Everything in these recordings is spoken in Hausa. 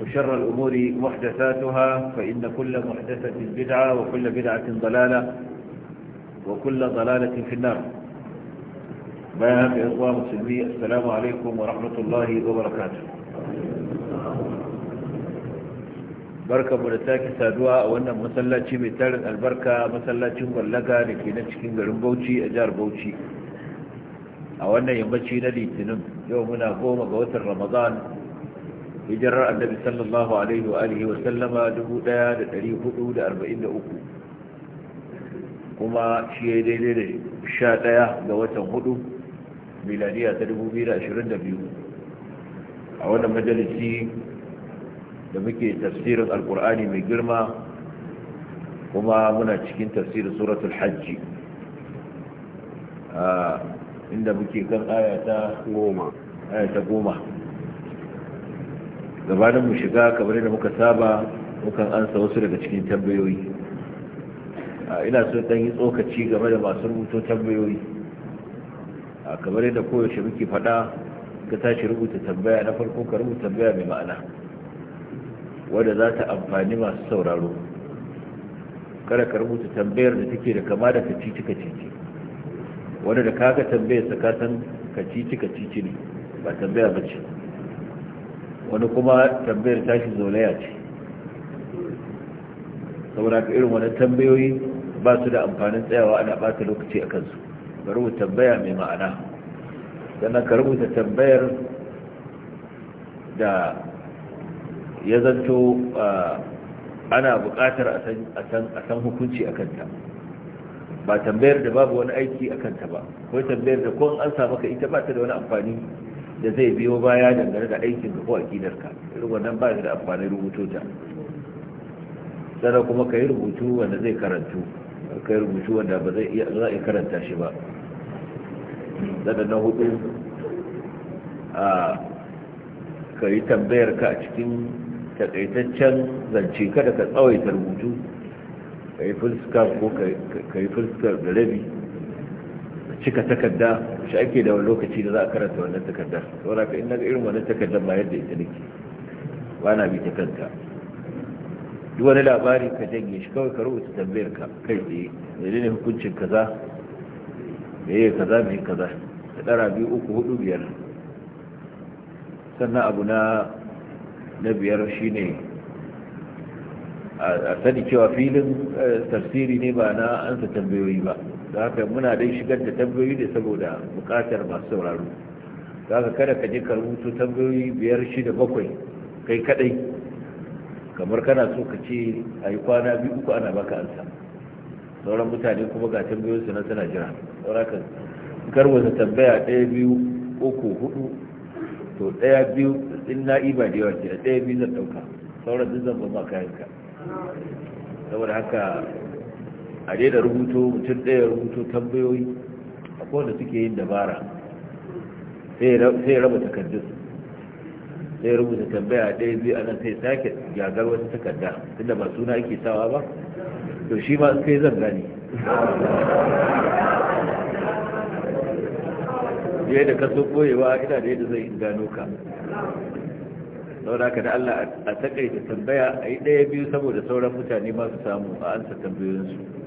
وشر الأمور محدثاتها فإن كل محدثة بدعة وكل بدعة ضلالة وكل ضلالة في النار بيان يا إخوة مسلمي السلام عليكم ورحمة الله وبركاته بركة ملتاك سادواء وأن مسلاتي مثال البركة مسلاتي ملقا لكي نتشكين غرم بوشي أجار بوشي a wannan yammaci na litinin yau muna goma ga hijirar annabi sallallahu alaihi wa alihi wa sallama 1443 kuma shi ya daidai da 11 ga watan 4 miladiya ta 2022 a wannan majalisi da muke tafsirin alkur'ani mai girma kuma muna cikin tafsirin suratul hajji ah, inda muke kan ayata goma gabanin mu shiga kamar da muka saba mukan ansa wasu daga cikin tambayoyi ina so dan yi tsokaci game da masu rubuto tambayoyi kamar yadda koyaushe muke faɗa ka tashi rubuta tambaya na farko ka rubuta tambaya mai ma'ana wadda za ta amfani masu sauraro kada ka rubuta tambayar da take da kama da kacici kacici wadda da kaga tambayar sa ka san kacici kacici ne ba tambaya ba ce wani kuma tambayar tashi zolaya ce saboda ka irin wani tambayoyi ba su da amfanin tsayawa ana bata lokaci a kansu ka rubuta tambaya mai ma'ana sannan ka rubuta tambayar da ya zanto ana buƙatar a san hukunci a kanta ba tambayar da babu wani aiki a kanta ba ko tambayar da kun an samu ka ita ba ta da wani amfani da zai biyo baya dangane da aikin ka ko akidarka irin wannan ba da amfani rubutu ta sannan kuma ka yi rubutu wanda zai karantu ka yi rubutu wanda ba zai iya za karanta shi ba sannan na hudu a ka yi tambayar ka a cikin takaitaccen zance kada ka tsawaita rubutu ka yi ko ka yi da rabi cika takarda shi ake da lokaci da za a karanta wannan takardar saboda ka in ga irin wannan takardar ba yadda ita nake ba na bi ta kanka duk wani labari ka janye shi kawai ka rubuta tambayar ka kai tsaye da ne hukuncin kaza da yi kaza mai kaza da ɗara biyu uku hudu biyar sannan abu na na biyar ne a sani cewa filin eh, tafsiri ne ba na ansa tambayoyi ba da haka muna dai shigar da tambayoyi ne saboda bukatar masu sauraro kaga kada ka je ka rubuto tambayoyi biyar shida bakwai kai kadai kamar kana so ka ce a yi kwana biyu uku ana baka ansa sauran mutane kuma ga tambayoyin su na suna jira saura ka da tambaya ɗaya biyu uku hudu to ɗaya biyu in na iba da yawa ce ɗaya biyu zan ɗauka sauran duk zan ba kayan ka saboda haka a daidai rubuto mutum ɗaya rubuto tambayoyi a kowane suke yin dabara sai ya raba takardun sai rubuta tambaya ɗaya biyu a nan sai sake gagar wata takarda tunda ba suna ake sawa ba to shi ma kai zan gani yayi da kaso koyewa ina da yadda zai gano ka saboda ka da Allah a takaita tambaya a yi ɗaya biyu saboda sauran mutane masu samu a ansa tambayoyinsu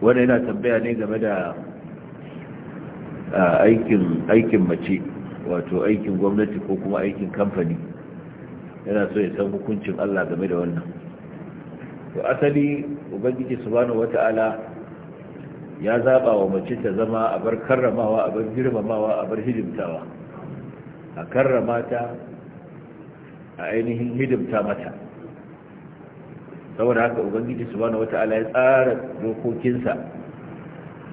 wanda yana tambaya ne game da aikin mace wato aikin gwamnati ko kuma aikin kamfani yana so ya san hukuncin Allah game da wannan to asali ubangiji subhanahu wata'ala ya zaba wa mace ta zama a bar karramawa a bar girmamawa a bar hidimtawa a karramata a ainihin hidimta mata saboda haka ubangiji subhanahu wata'ala ya tsara dokokinsa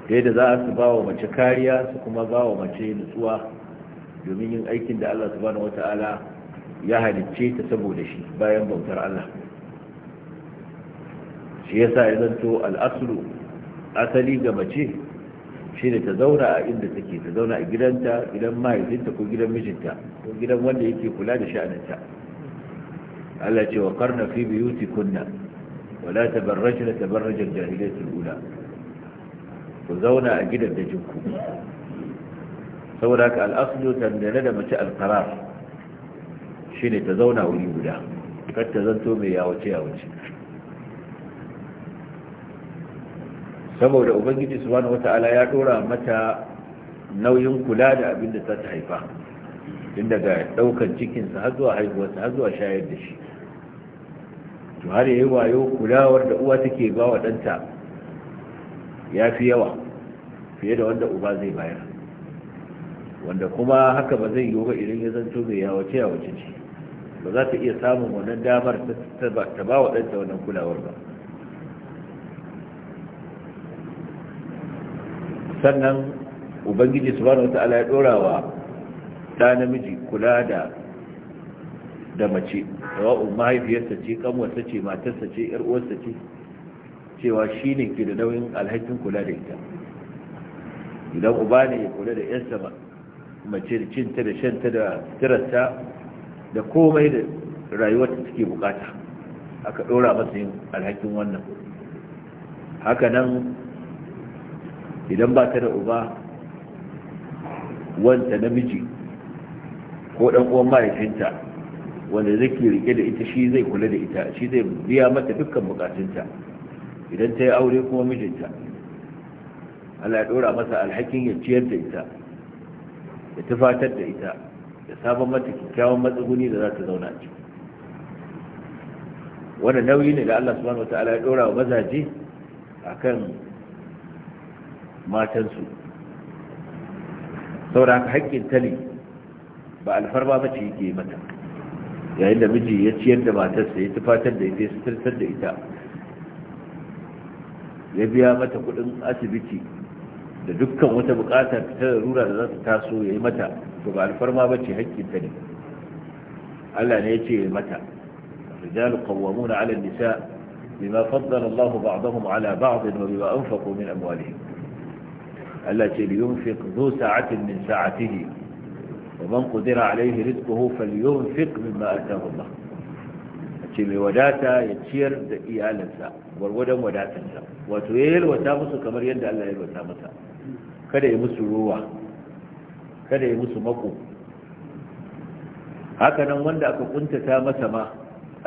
da za su ba wa mace kariya su kuma ba wa mace nutsuwa domin yin aikin da Allah subhanahu wata'ala ya halicce ta saboda shi bayan bautar Allah shi yasa ya zanto al'aslu asali ga mace shi ne ta zauna a inda take ta zauna a gidanta gidan mahaifinta ko gidan mijinta ko gidan wanda yake kula da sha'aninta Allah ce wa karna fi biyuti kunna wala tabarrajna tabarrajal jahiliyatul ula ku zauna a gidan da jinku saboda ka القرار tandane تزونا mace alqarar shine ta zauna wuri guda ta mai saboda ubangiji subhanahu wata'ala ya dora mata nauyin kula da abin da za ta haifa tun daga daukan cikinsa har zuwa har zuwa shayar da shi to har yayi wayo kulawar da uwa take ba wa danta ya fi yawa fiye da wanda uba zai bayar wanda kuma haka ba zai yiwu ba irin ya zanto mai yawace yawace ce ba za ta iya samun wannan damar ta ba wa danta wannan kulawar ba sannan ubangiji subhanahu wa ta'ala ya dora wa da namiji kula da da mace sawa'un mahaifiyarsa ce kanwarsa ce matarsa ce yar uwarsa ce cewa shi ne ke da nauyin alhakin kula da ita idan uba ne ya kula da yarsa mace da cinta da shanta da tirarta da komai da rayuwar ta bukata aka dora masa yin alhakin wannan haka nan idan ba ta da uba wanta namiji ko ɗan uwan mahaifinta wanda zai rike da ita shi zai kula da ita shi zai biya mata dukkan bukatunta idan ta yi aure kuma mijinta Allah ya dora masa alhakin ya ciyar da ita ya tufatar da ita ya sabon mata kyakkyawan matsuguni da za ta zauna ci Wani nauyi ne da Allah subhanahu wataala ya dora wa mazaje kan matansu saboda haka haƙƙin tali ba alfarma mace ce yake mata yayin da miji ya ciyar da matarsa ya tufatar da ita ya suturtar da ita ya biya mata kudin asibiti da dukkan wata bukata ta larura da za ta taso ya yi mata to ba alfarma ba ce hakkin ta ne Allah ne ya ce ya yi mata rijalu qawwamuna 'ala an-nisa bima faddala Allah ba'dahum 'ala ba'd wa bima anfaqu min amwalihim Allah ce liyunfiq dhu sa'atin min sa'atihi ومن قدر عليه رزقه فلينفق مما آتاه الله ce mai wadata ya ciyar da iyalinsa gwargwadon wadatarsa wato ya yalwata musu kamar yadda Allah ya yalwata masa kada ya musu ruwa kada ya musu mako haka nan wanda aka ƙuntata masa ma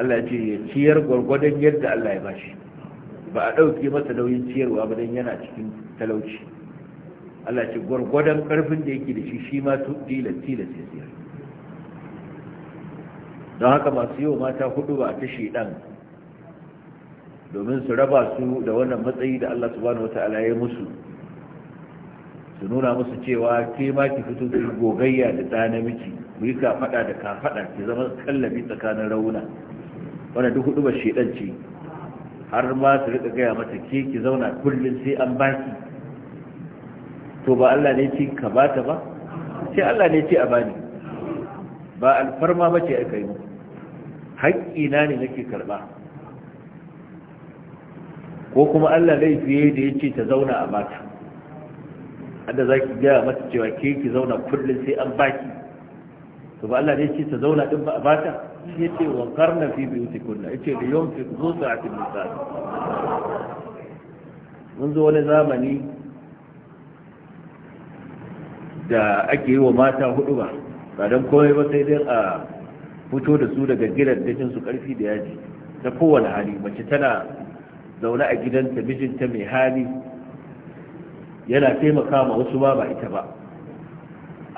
Allah ya ce ya ciyar gwargwadon yadda Allah ya bashi ba a ɗauki masa nauyin ciyarwa ba don yana cikin talauci Allah ce gwargwadon ƙarfin da yake da shi shi ma tilas tilas ya siya don haka masu yau mata hudu ba a ta shedan domin su raba su da wannan matsayi da Allah subhanahu wata ya musu su nuna musu cewa ke ma ki fito da gogayya da ɗa namiji ku yi kafaɗa da kafaɗa ki zama kallabi tsakanin rauna wanda duk hudu ba shedan ce har ma su riƙa gaya mata ke ki zauna kullum sai an baki to ba Allah ne ce ka ba ta ba sai Allah ne ce a bani ba alfarma ba ce aka yi Haƙƙi haƙƙina ne nake karɓa ko kuma Allah zai fiye da ya ce ta zauna a mata adda za ki gaya mata cewa ke ki zauna kullum sai an baki to ba Allah ne ce ta zauna ɗin ba a bata ya ce wa karna fi biyu kunna ya ce da yawan fi zo cikin misali mun zo wani zamani da ake yi wa mata hudu ba ba don komai ba sai dai a fito da su daga gidan dajin su karfi da yaji ta kowane hali mace tana zaune a gidanta mijinta mai hali yana taimaka ma wasu ba ba ita ba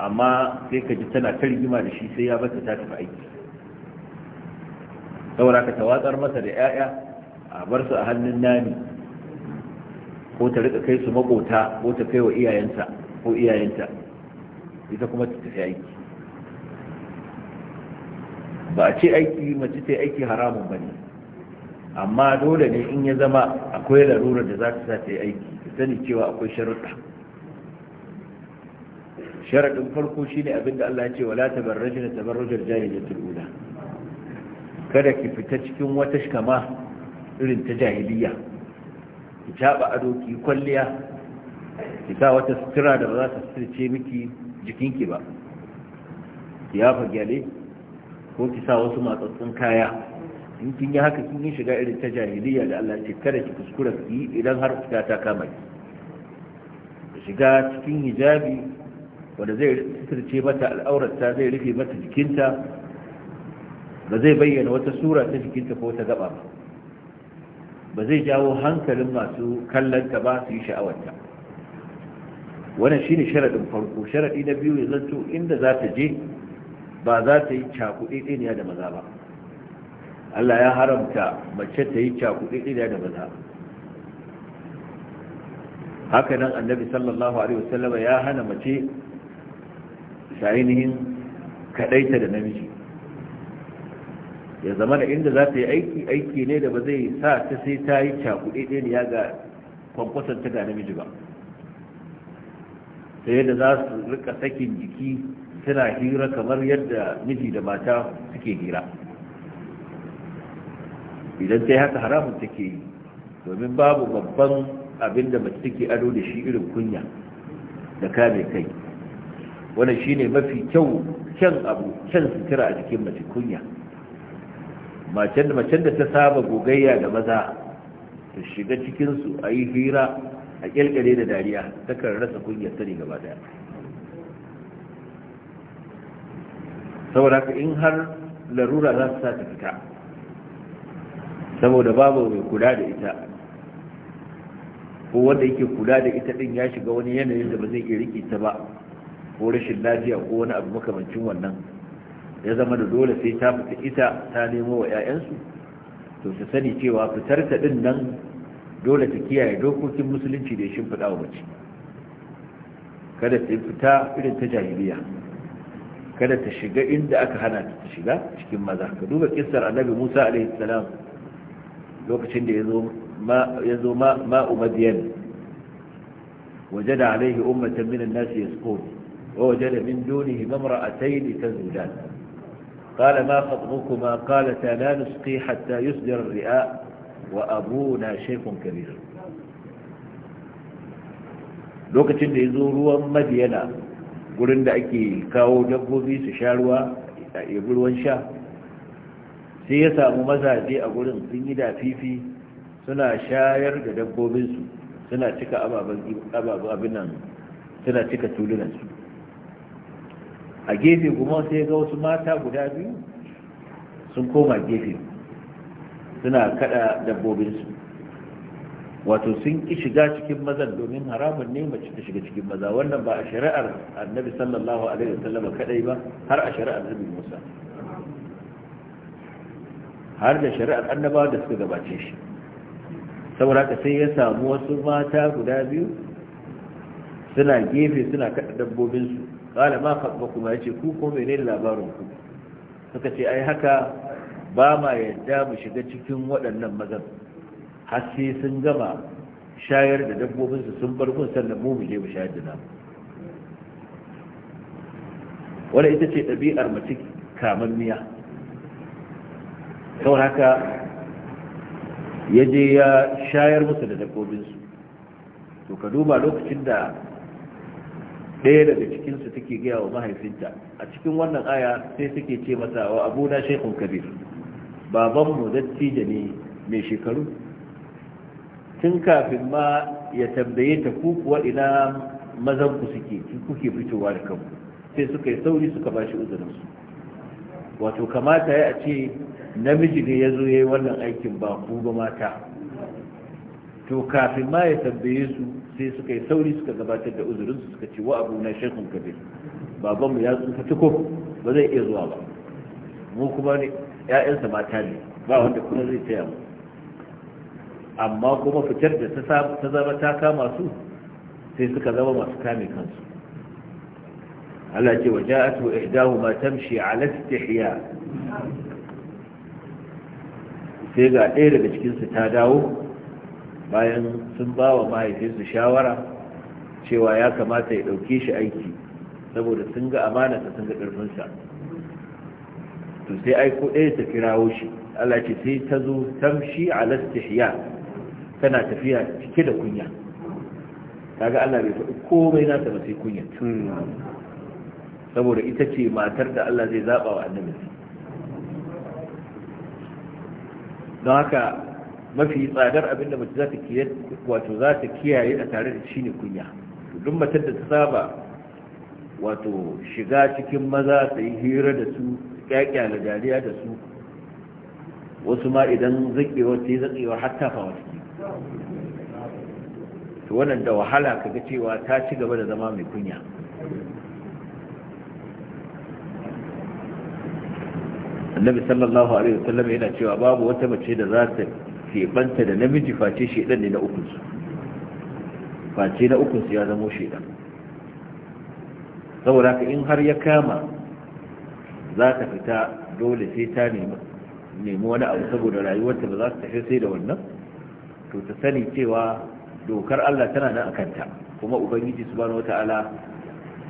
amma sai ka ji tana ta rigima da shi sai ya bata ta tafi aiki saboda ka tawatsar masa da 'ya'ya a bar su a hannun nami ko ta rika kai su makota ko ta kai wa iyayenta ko iyayenta ita kuma ta tafi aiki ba a ce aiki mace ta aiki haramun ba ne amma dole ne in ya zama akwai larurar da za ta sa ta aiki ta sani cewa akwai sharuɗa sharaɗin farko shine abinda Allah ya ce wala tabarrajna tabarrujar jahiliyatul ula kada ki fita cikin wata shikama irin ta jahiliya ki caɓa ado ki kwalliya ki sa wata sutura da ba za ta ce miki jikinki ba ki yafa gyale ko ki sa wasu matsatsun kaya in kin yi haka kin yi shiga irin ta jahiliya da Allah ce kada ki kuskura ki idan har fita ta kama ki shiga cikin hijabi wanda zai suturce mata al'aurarta zai rufe mata jikinta ba zai bayyana wata sura ta jikinta ko ta gaba ba ba zai jawo hankalin masu kallonta ba su yi sha'awarta wannan shine sharadin farko sharadi na biyu ya zanto inda za ta je ba za ta yi cakuɗe da maza ba Allah ya haramta mace ta yi cakuɗe da maza haka nan annabi sallallahu alaihi wasallama ya hana mace ta ainihin kaɗaita da namiji ya zama da inda za ta yi aiki aiki ne da ba zai sa ta sai ta yi cakuɗe ɗaya ga kwankwasanta ga namiji ba ta da za su rika sakin jiki suna hira kamar yadda miji da mata suke hira idan ta haka haramun take yi domin babu babban abin da mace take ado da shi irin kunya da kame kai wannan ne mafi kyau kyan abu kyan sutura a jikin mace kunya macen da ta saba gogayya da maza ta shiga cikinsu a yi hira a kyalkyale da dariya takan rasa kungiyar sani gaba daya saboda ka in har larura za su sa ta fita saboda babu mai kula da ita ko wanda yake kula da ita din ya shiga wani yanayin da ba zai iya riƙe ta ba ko rashin lafiya ko wani abu makamancin wannan ya zama da dole sai ta fita ita ta nemo wa 'ya'yansu to su sani cewa fitar ta din nan dole ta kiyaye dokokin musulunci da ya shimfiɗa wa mace kada ta fita irin ta jahiliya kada ta shiga inda aka hana ta shiga cikin maza ka duba kissar annabi musa alaihissalam lokacin da ya zo ma'u madiyan waje da alaihi ummatan minan nasu ya sko waje da min doni mamra a taini ta zudan قال ما خطبكما قالتا لا نسقي حتى يصدر الرئاء wa na shaykhun kabir lokacin da ya zo ruwan madiyana gurin da ake kawo dabbobi su sha ruwa a ibi ruwan sha sai ya samu mazaje a gurin sun yi da fifi suna shayar da dabbobinsu suna cika ababen suna cika tulunansu a gefe kuma sai ga wasu mata guda biyu sun koma gefe suna kada dabbobinsu wato sun ki shiga cikin mazan domin haramun ne mace ta shiga cikin maza wannan ba a shari'ar annabi sallallahu alaihi wasallam kadai ba har a shari'ar nabi Musa har da shari'ar annabawa da suka gabace shi saboda ka sai ya samu wasu mata guda biyu suna gefe suna kada dabbobinsu kala ma fatba kuma yace ku ko menene labarin ku suka ce ai haka ba ma yadda mu shiga cikin waɗannan mazan har sai sun gama shayar da dabbobinsu sun bar gun sannan mu mu je mu shayar da namu ita ce ɗabi'ar mace kamanniya kawai haka ya je ya shayar musu da dabbobinsu to ka duba lokacin da ɗaya daga cikinsu take gaya wa mahaifinta a cikin wannan aya sai suke ce masa wa abuna shekun Kabiru. babanmu dattijo ne mai shekaru tun kafin ma ya tambaye ta ku kuwa ina mazanku suke kuke fitowa da kanku sai suka yi sauri suka ba shi uzurinsu wato kamata ya ce namiji ne ya zo ya yi wannan aikin ba ku ba mata to kafin ma ya tambaye su sai suka yi sauri suka gabatar da uzurinsu suka ce wa abu na shekun kabir babanmu ya tsufa tuko ba zai iya zuwa ba mu kuma ne Ya'yansa mata ne ba wanda kuma zai taya mu amma kuma fitar da ta zama ta kama su sai suka zama masu kame kansu Allah ce waje a to ihdahu ma tamshi ala sai ga ɗaya daga cikinsu ta dawo bayan sun ba wa mahaifinsu shawara cewa ya kamata ya ɗauke shi aiki saboda sun ga amanarsa sun ga ƙarfinsa to sai aiko ɗaya ta kirawo shi Allah ce sai ta zo tamshi ala istihya tana tafiya cike da kunya kaga Allah bai faɗi komai nata ba sai kunya saboda ita ce matar da Allah zai zaba wa annabi don haka mafi tsadar abin da mace za ta kiyaye a tare da shi ne kunya duk matar da ta saba wato shiga cikin maza su yi hira da su kyakyala dariya da su wasu ma idan zakewa ta yi zaƙewa hatta fa wasu to wannan da wahala kaga cewa ta ci gaba da zama mai kunya annabi sallallahu alaihi wasallam yana cewa babu wata mace da za ta keɓanta da namiji face shi ɗan ne na ukunsu face na ukunsu ya zamo shi ɗan saboda ka in har ya kama za ta fita dole sai ta nemi wani abu saboda rayuwarta ba za ta tafi sai da wannan to ta sani cewa dokar Allah tana nan kanta kuma ubangiji subhanahu wataala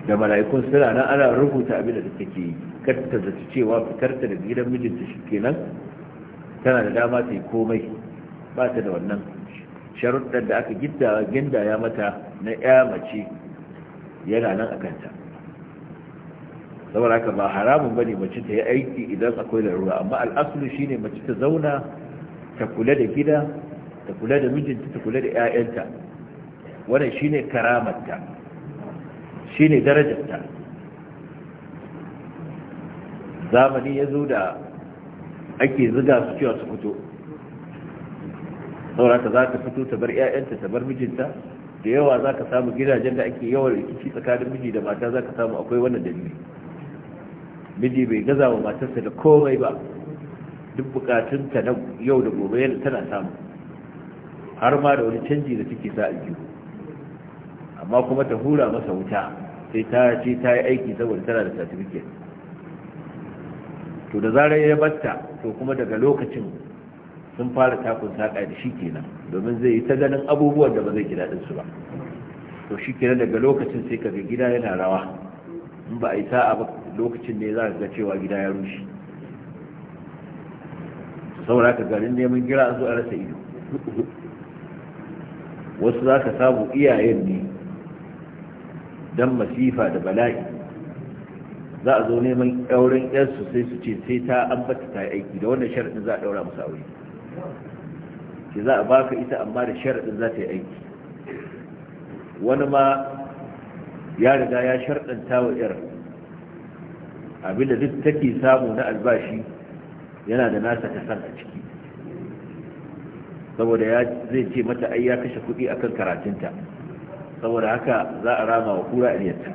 da mala'ikun suna nan ana rubuta abin da take yi karta da cewa fitarta da gidan mijinta kenan tana da dama ta yi komai ba ta da wannan sharuɗar da aka gindaya mata na ya mace yana nan akanta saboda haka ba haramun bane mace ta yi aiki idan akwai larura amma al'asulu shine mace ta zauna ta kula da gida ta kula da mijinta ta kula da 'ya'yanta wannan shine karamarta shine darajarta zamani ya zo da ake ziga su cewa su fito saurata za ta fito ta bar 'ya'yanta ta bar mijinta da yawa za ka samu gidajen da ake yawan rikici tsakanin miji da mata za ka samu akwai wannan dalili miji bai gaza wa matarsa da komai ba duk bukatunta na yau da gobe yana tana samu har ma da wani canji da take sa aljihu amma kuma ta hura masa wuta sai ta ce ta yi aiki saboda tana da certificate to da zarar ya batta to kuma daga lokacin sun fara takun saƙa da shi kenan domin zai yi ta ganin abubuwan da ba zai gida daɗinsu ba to shi kenan daga lokacin sai ka ga gida yana rawa in ba a yi sa'a ba lokacin ne za a ga cewa gida ya rushe saboda ka garin neman gira an zo a rasa ido wasu za ka samu iyayen ne don masifa da bala'i za a zo neman ɗaurin yarsu sai su ce sai ta ambata ta yi aiki da wannan sharaɗin za a ɗaura musu aure ke za a baka ita amma da sharaɗin za ta yi aiki wani ma ya riga ya sharɗanta wa 'yar Abin da duk take samu na albashi yana da nasa san a ciki saboda ya zai ce mata ai ya kashe kuɗi akan karatunta saboda haka za a rama wa kura aliyarta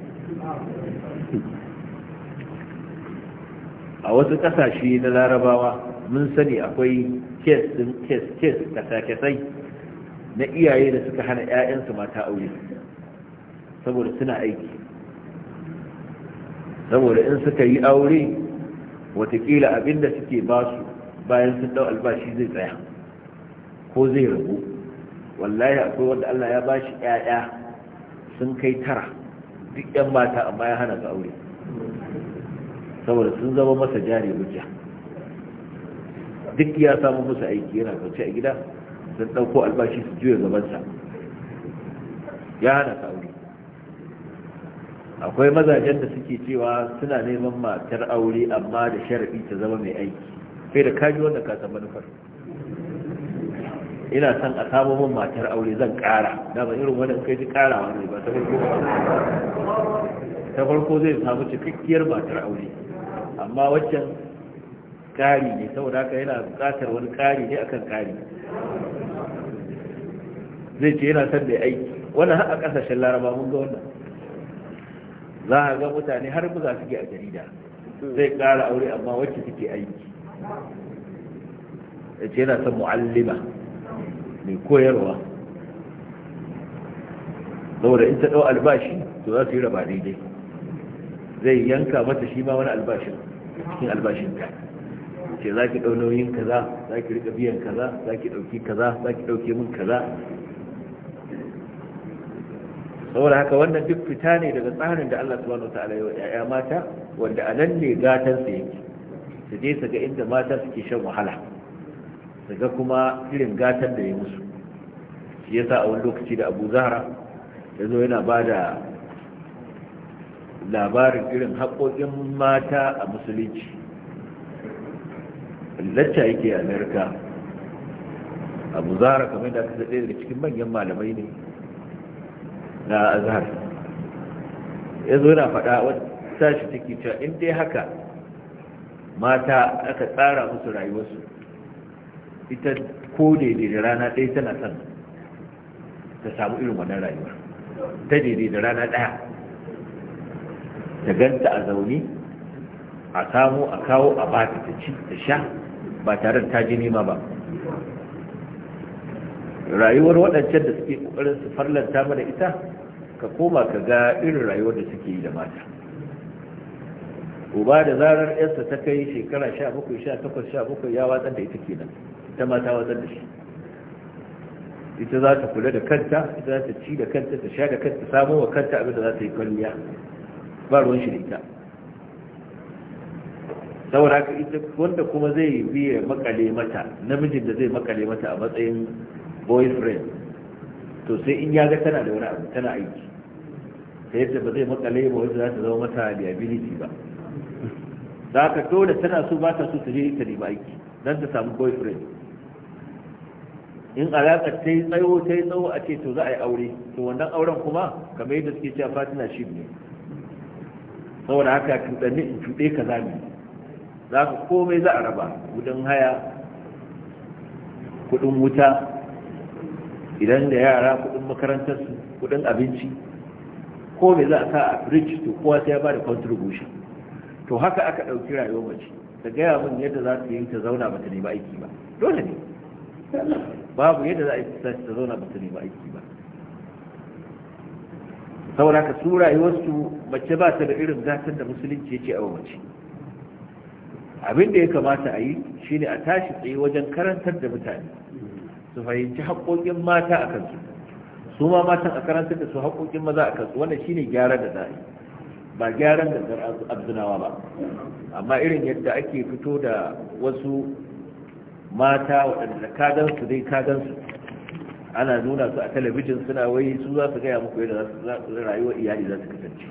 a wasu ƙasashe na larabawa mun sani akwai kes kes kasa-kasai na iyaye da suka hana 'ya'yansu mata aure saboda suna aiki saboda in suka yi aure watakila abinda suke ba su bayan sun dau albashi zai tsaya ko zai rabu wallahi akwai wanda Allah ya bashi ƴaƴa sun kai tara duk ƴan mata amma ya hana su aure saboda sun zama masa jari hujja duk ya samu musu aiki yana kwance a gida sun dauko albashi su juya gabansa ya hana su aure akwai mazajen da suke cewa suna neman matar aure amma da sharaɗi ta zama mai aiki kai da kaji wanda ka san manufar ina son a samu min matar aure zan ƙara da ba irin wani kai ji ƙara wani ba ta farko ta farko zai samu cikakkiyar matar aure amma waccan ƙari ne saboda haka yana buƙatar wani ƙari ne akan ƙari zai ce yana son mai aiki wannan har a ƙasashen laraba mun ga wannan za a ga mutane har buga suke a jarida zai ƙara aure amma wacce suke aiki ya ce yana son mu'allima mai koyarwa saboda in ta ɗau albashi to za su yi raba daidai zai yanka mata shi ma wani albashin cikin albashin ka ce za ki ɗau nauyin kaza za ki riƙa biyan kaza za ki ɗauki kaza za ki ɗauke min kaza saboda haka wannan duk fita ne daga tsarin da Allah subhanahu ta'ala ya yaya mata wanda a ne gatan su yake su je su ga inda mata suke shan wahala su ga kuma irin gatan da ya musu shi yasa a wani lokaci da Abu Zahra ya zo yana ba da labarin irin haƙoƙin mata a musulunci lacca yake a amerika abu Zahra kamar da aka ɗaya daga cikin manyan malamai ne na azhar ya zo yana faɗa wata shi take cewa in dai haka mata aka tsara musu rayuwarsu ita ko daidai da rana ɗaya tana son ta samu irin wannan rayuwa ta daidai da rana ɗaya ta ganta a zaune a samu a kawo a bata ta ci ta sha ba tare da ta ji nema ba rayuwar waɗancan da suke ƙoƙarin su farlanta mana ita ka koma ka ga irin rayuwar da suke yi da mata uba da zarar yarsa ta kai shekara sha bakwai sha takwas sha bakwai ya watsar da ita kenan ita ma ta watsar da shi ita za ta kula da kanta ita za ta ci da kanta ta sha da kanta samo wa kanta abin da za ta yi kwalliya ba ruwan shi da ita saboda haka ita wanda kuma zai biya makale mata namijin da zai makale mata a matsayin boyfriend to sai in ya ga tana da wani abu tana aiki sai yadda ba zai makale ba wanda za ta zama mata liability ba za ka da tana so ba ta so ta je ta nemi aiki don ta samu boyfriend in alaƙar ta yi tsayo ta yi tsawo a ce to za a yi aure to wannan auren kuma kamar yadda suke cewa fatina shi ne saboda haka cuɗanni in cuɗe ka zami za ka komai za a raba gudun haya kudin wuta idan da yara kudin makarantarsu kudin abinci ko me za a sa a bridge to kowa sai ya ba da contribution to haka aka ɗauki rayuwar mace ta gaya min yadda za ta yi ta zauna ba ta nemi aiki ba dole ne babu yadda za a yi ta zauna ba ta nemi aiki ba saboda ka su rayuwarsu mace ba ta da irin gatan da musulunci ya ce a mace abin da ya kamata a yi shine a tashi tsaye wajen karantar da mutane su fahimci haƙoƙin mata a kansu su ma matan a karantar da su haƙoƙin maza a kansu wannan shine gyara da za'a ba gyaran da abdunawa ba amma irin yadda ake fito da wasu mata waɗanda kagansu dai kagansu ana nuna su a talabijin suna wai su za su gaya muku yadda za su rayuwar iyali za su kasance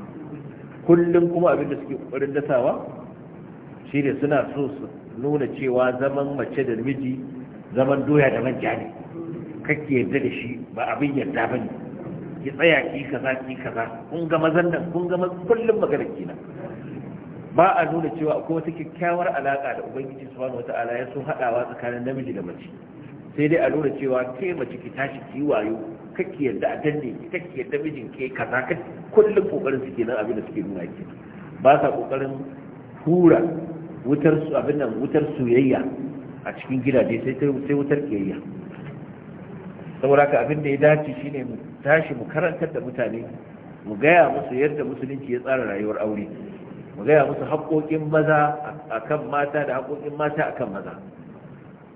kullum kuma abin da suke ƙoƙarin dasawa shine suna so su nuna cewa zaman mace da namiji. zaman doya da manja ne kake yadda da shi ba abin yadda ba ne ki tsaya ki kaza ki kaza kun ga mazan nan kun ga kullum magana kina ba a nuna cewa akwai wata kyakkyawar alaka da ubangiji subhanahu wataala ya so hadawa tsakanin namiji da mace sai dai a nuna cewa ke mace ki tashi ki wayo kake yadda a danne ki kake yadda mijin ke kaza ka kullum kokarin suke nan abin da suke nuna ki ba sa kokarin hura wutar su abin nan wutar soyayya a cikin gidaje sai wutar ƙiyayya saboda ka abin da ya dace shine mu tashi mu karantar da mutane mu gaya musu yadda musulunci ya tsara rayuwar aure mu gaya musu haƙoƙin maza akan mata da haƙoƙin mata akan maza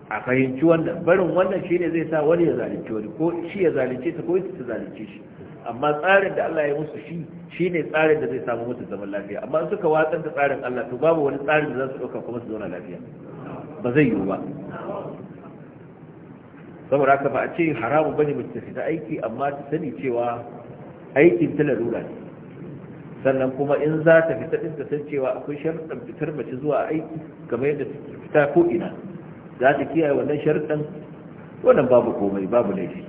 a fahimci wannan barin wannan shine zai sa wani ya zalunci wani ko shi ya zalunce ta ko ita ta zalunce shi amma tsarin da Allah ya musu shi shine tsarin da zai samu musu zaman lafiya amma suka watsar da tsarin Allah to babu wani tsarin da za su ɗauka kuma su zauna lafiya ba zai yiwu ba saboda haka ba a ce haramun bane mace ta fita aiki amma ta sani cewa aikin ta larura ne sannan kuma in za ta fita din ta san cewa akwai sharuɗan fitar mace zuwa aiki kamar yadda ta fita ko ina za ta kiyaye wannan sharuɗan wannan babu komai babu laifi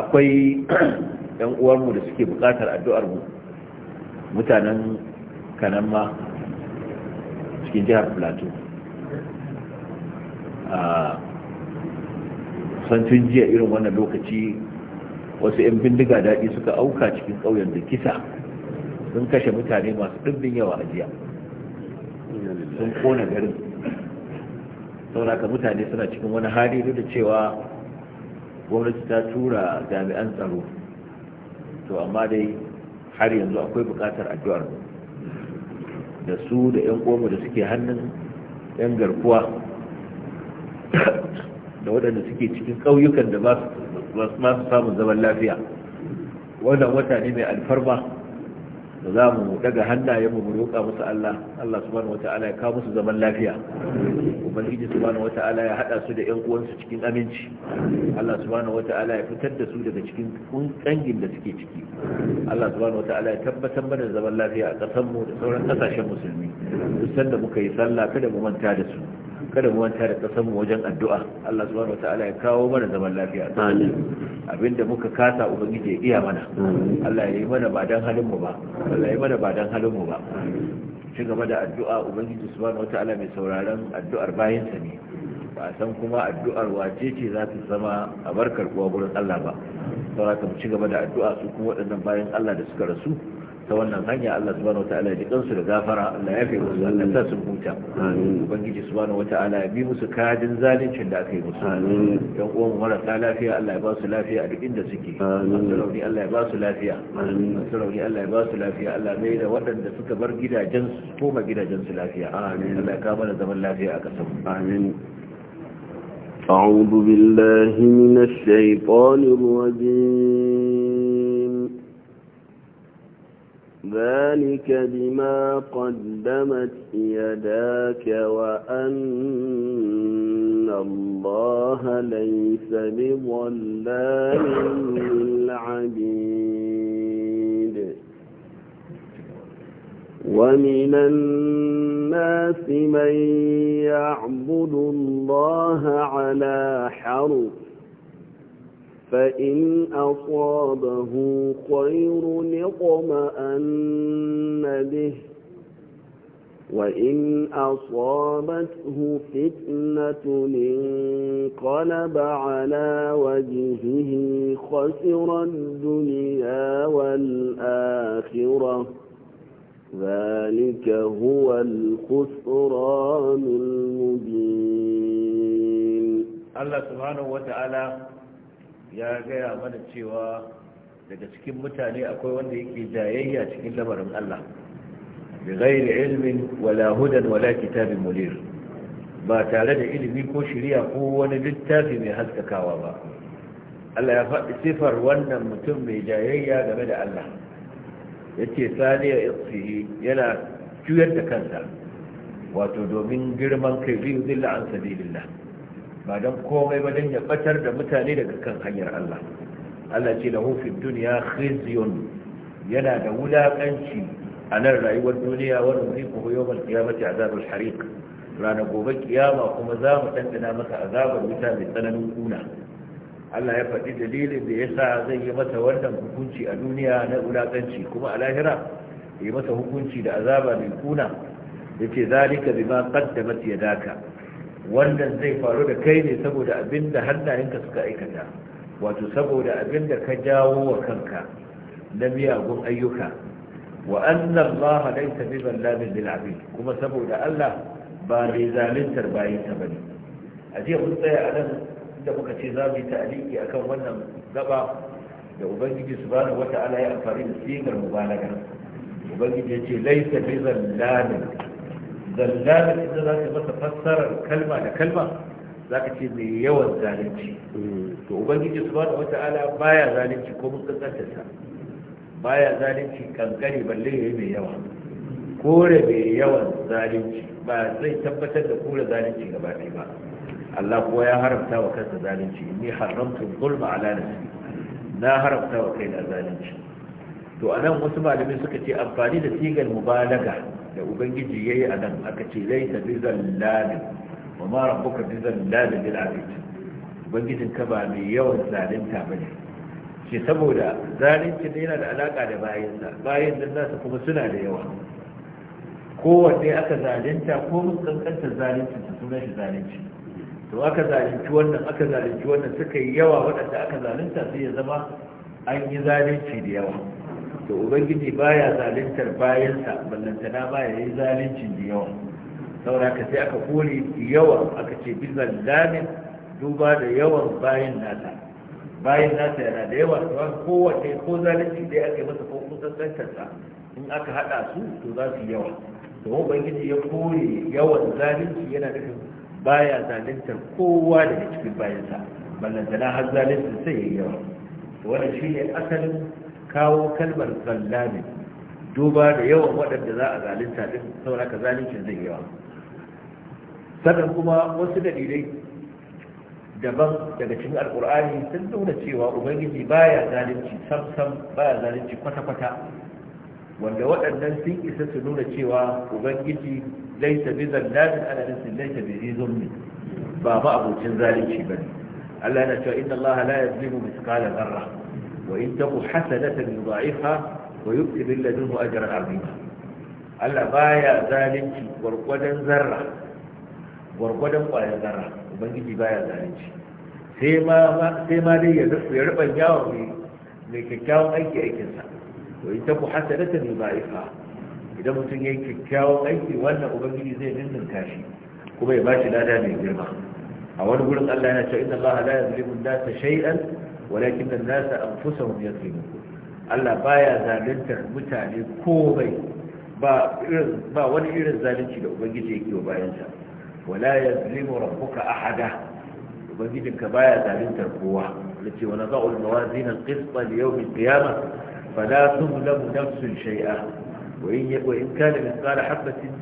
akwai yan uwarmu da suke buƙatar addu'ar mu mutanen ma cikin jihar plateau a tun jiya irin wannan lokaci wasu 'yan bindiga daɗi suka auka cikin ƙauyen da kisa sun kashe mutane masu ɗimbin yawa a jiya sun kona garin sauraka mutane suna cikin wani hali duk da cewa gwamnati ta tura jami'an tsaro to amma dai har yanzu akwai buƙatar addu'ar mu da su da 'yan goma da suke hannun 'yan garkuwa da waɗanda suke cikin ƙauyukan da ba su samun zaman lafiya wannan wata ne mai alfarma da za mu daga hannaye mu roƙa musu Allah Allah subhanahu wata'ala ya kawo musu zaman lafiya ubangiji subhanahu wata'ala ya hada su da ƴan uwansu cikin aminci Allah subhanahu wata'ala ya fitar da su daga cikin tsangin da suke ciki Allah subhanahu wata'ala ya tabbatar mana da zaman lafiya a ƙasar mu da sauran ƙasashen musulmi duk sanda muka yi sallah kada mu manta da su kada mu manta da kasan mu wajen addu'a Allah subhanahu wataala ya kawo mana zaman lafiya amin abinda muka kasa ubangiji ya iya mana Allah ya yi mana ba dan halin mu ba Allah ya yi mana ba dan halin mu ba ci gaba da addu'a ubangiji subhanahu wataala mai sauraron addu'ar bayansa ne ba san kuma addu'ar wace ce za ta zama a barkar kuwa gurin Allah ba saboda mu ci gaba da addu'a su kuma waɗannan bayan Allah da suka rasu ta wannan hanya Allah subhanahu wataala ya jikan su da gafara Allah ya fi musu Allah ta sun huta amin ubangiji subhanahu wataala ya bi musu kadin zalincin da aka yi musu amin yan uwan marasa lafiya Allah ya ba su lafiya a duk inda suke amin rauni Allah ya ba su lafiya amin rauni Allah ya ba su lafiya Allah mai da waɗanda suka bar gidajen su koma gidajen su lafiya Allah ya kama da zaman lafiya a kasar amin أعوذ بالله من الشيطان الرجيم ذلك بما قدمت يداك وأن الله ليس بظلام للعبيد ومن الناس من يعبد الله على حرف فإن أصابه خير اطمأن به وإن أصابته فتنة انقلب على وجهه خسر الدنيا والآخرة ذلك هو الخسران المبين الله سبحانه وتعالى ya gaya mana cewa daga cikin mutane akwai wanda yake jayayya cikin lamarin Allah bi ghairi ilmin wala hudan wala kitabin mulir ba tare da ilimi ko shiriya ko wani littafi mai haskakawa ba Allah ya faɗi sifar wannan mutum mai jayayya game da Allah yace saniya iqsihi yana juyar da kansa wato domin girman kai bi zilla an sabilillah ba don komai ba don ya batar da mutane daga kan hanyar Allah Allah ce lahu fi duniya khizyun yana da wulakanci a nan rayuwar duniya wa nuziquhu yawmal qiyamati azabul hariq rana gobe kiyama kuma za mu dandana masa azabar wuta mai tsananin kuna Allah ya faɗi dalilin da yasa zai yi masa wannan hukunci a duniya na wulakanci kuma a lahira yi masa hukunci da azaba mai kuna yace zalika bima qaddamat yadaka wannan zai faru da kai ne saboda abin da hannayenka suka aikata wato saboda abin da ka jawo wa kanka na miyagun ayyuka wa annan laha laisa bi zallamin kuma saboda Allah ba mai zaluntar ta bane a jiya mun tsaya a nan da muka ce za mu yi ta'aliki akan wannan gaba da ubangiji wata ala ya amfani da sigar mubalaga ubangiji ya ce laisa bi zallamin zalla inda za ka masa fassarar kalma da kalma za ka ce mai yawan zalunci to ubangiji su ba da ala baya zalunci ko mun ta, baya zalunci kankani balle ya yi mai yawa kore mai yawan zalunci ba zai tabbatar da kore zalunci gaba ɗaya ba Allah kuwa ya haramta wa kansa zalunci ni haramtu zulma ala nafsi na haramta wa kaina zalunci to anan wasu malamai suka ce amfani da sigar mubalaga da ubangiji yayi a nan aka ce laita bizallabin wa ma rabbuka bizallabin bin abinci" ubangijin ka ba mai yawan zalunta bane ce saboda zalunci ne yana da alaka da bayansa bayan nan nasu kuma suna da yawa kowanne aka zalunta ko mun kankanta zalunci su suna shi zalunci to aka zalunci wannan aka zalunci wannan suka yi yawa waɗanda aka zalunta sai ya zama an yi zalunci da yawa to ubangiji baya zalintar bayansa ballantana baya yi zalincin da yawa saboda ka sai aka kore yawa aka ce bizan damin duba da yawan bayan nata bayan nata yana da yawa to an kowace ko zalunci da aka yi masa ko kusan sa in aka hada su to za su yawa to ubangiji ya kore yawan zalunci yana nufin baya zalintar kowa daga cikin bayansa ballantana har zalincin sai ya yawa to wannan shine asalin kawo kalmar zallami duba da yawan waɗanda za a zalunta din saboda ka zaluncin zai yawa sannan kuma wasu dalilai daban daga cikin alkur'ani sun nuna cewa ubangiji baya zalunci samsam baya zalunci kwata-kwata wanda waɗannan sun isa su nuna cewa ubangiji laisa bi zallamin ana nufin laisa bi zulmi ba ma abokin zalunci bane Allah yana cewa inna Allah la yazlimu mithqala dharra وإن تقو حسنة يضاعفها ويكتب لدنه أجرا عظيما Allah baya zalunci gwargwadon zarra gwargwadon kwayar zarra ubangiji baya zalunci sai ma dai ya zafi ya yawon mai kyakkyawan aiki aikinsa to ku hasadata ne ba ifa idan mutum ya yi kyakkyawan aiki wannan ubangiji zai ninninka shi kuma ya bashi lada mai girma a wani gurin Allah yana cewa inna Allah la walakin nan nasa anfusahum yazlimun Allah baya zaluntar mutane komai ba wani irin zalunci da ubangiji yake wa bayansa wala yazlimu rabbuka ahada ubangijinka baya zaluntar kowa lace wa nadau al-mawazin al-qist li yawm al-qiyamah fala tuzlamu nafsun shay'a wa in wa in kana mithqala habatin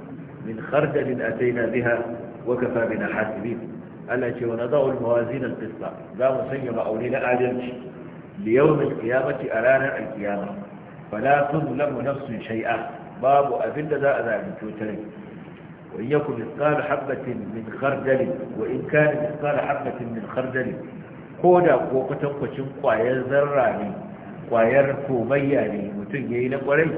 min khardalin atayna biha wa kafa bina hasibin Allah ce wa nada'ul mawazin al-qisla za mu sanya ma'auni na adalci li yawmin qiyamati a ranar al-qiyama fala tuzlamu nafsun shay'a babu abin da za a zabi ta rai wa in yakun mithqal habatin min khardal wa in kana mithqal habatin min khardal koda ko kwatankwacin kwayar zarra ne kwayar komayya ne mutum yayi na kwarai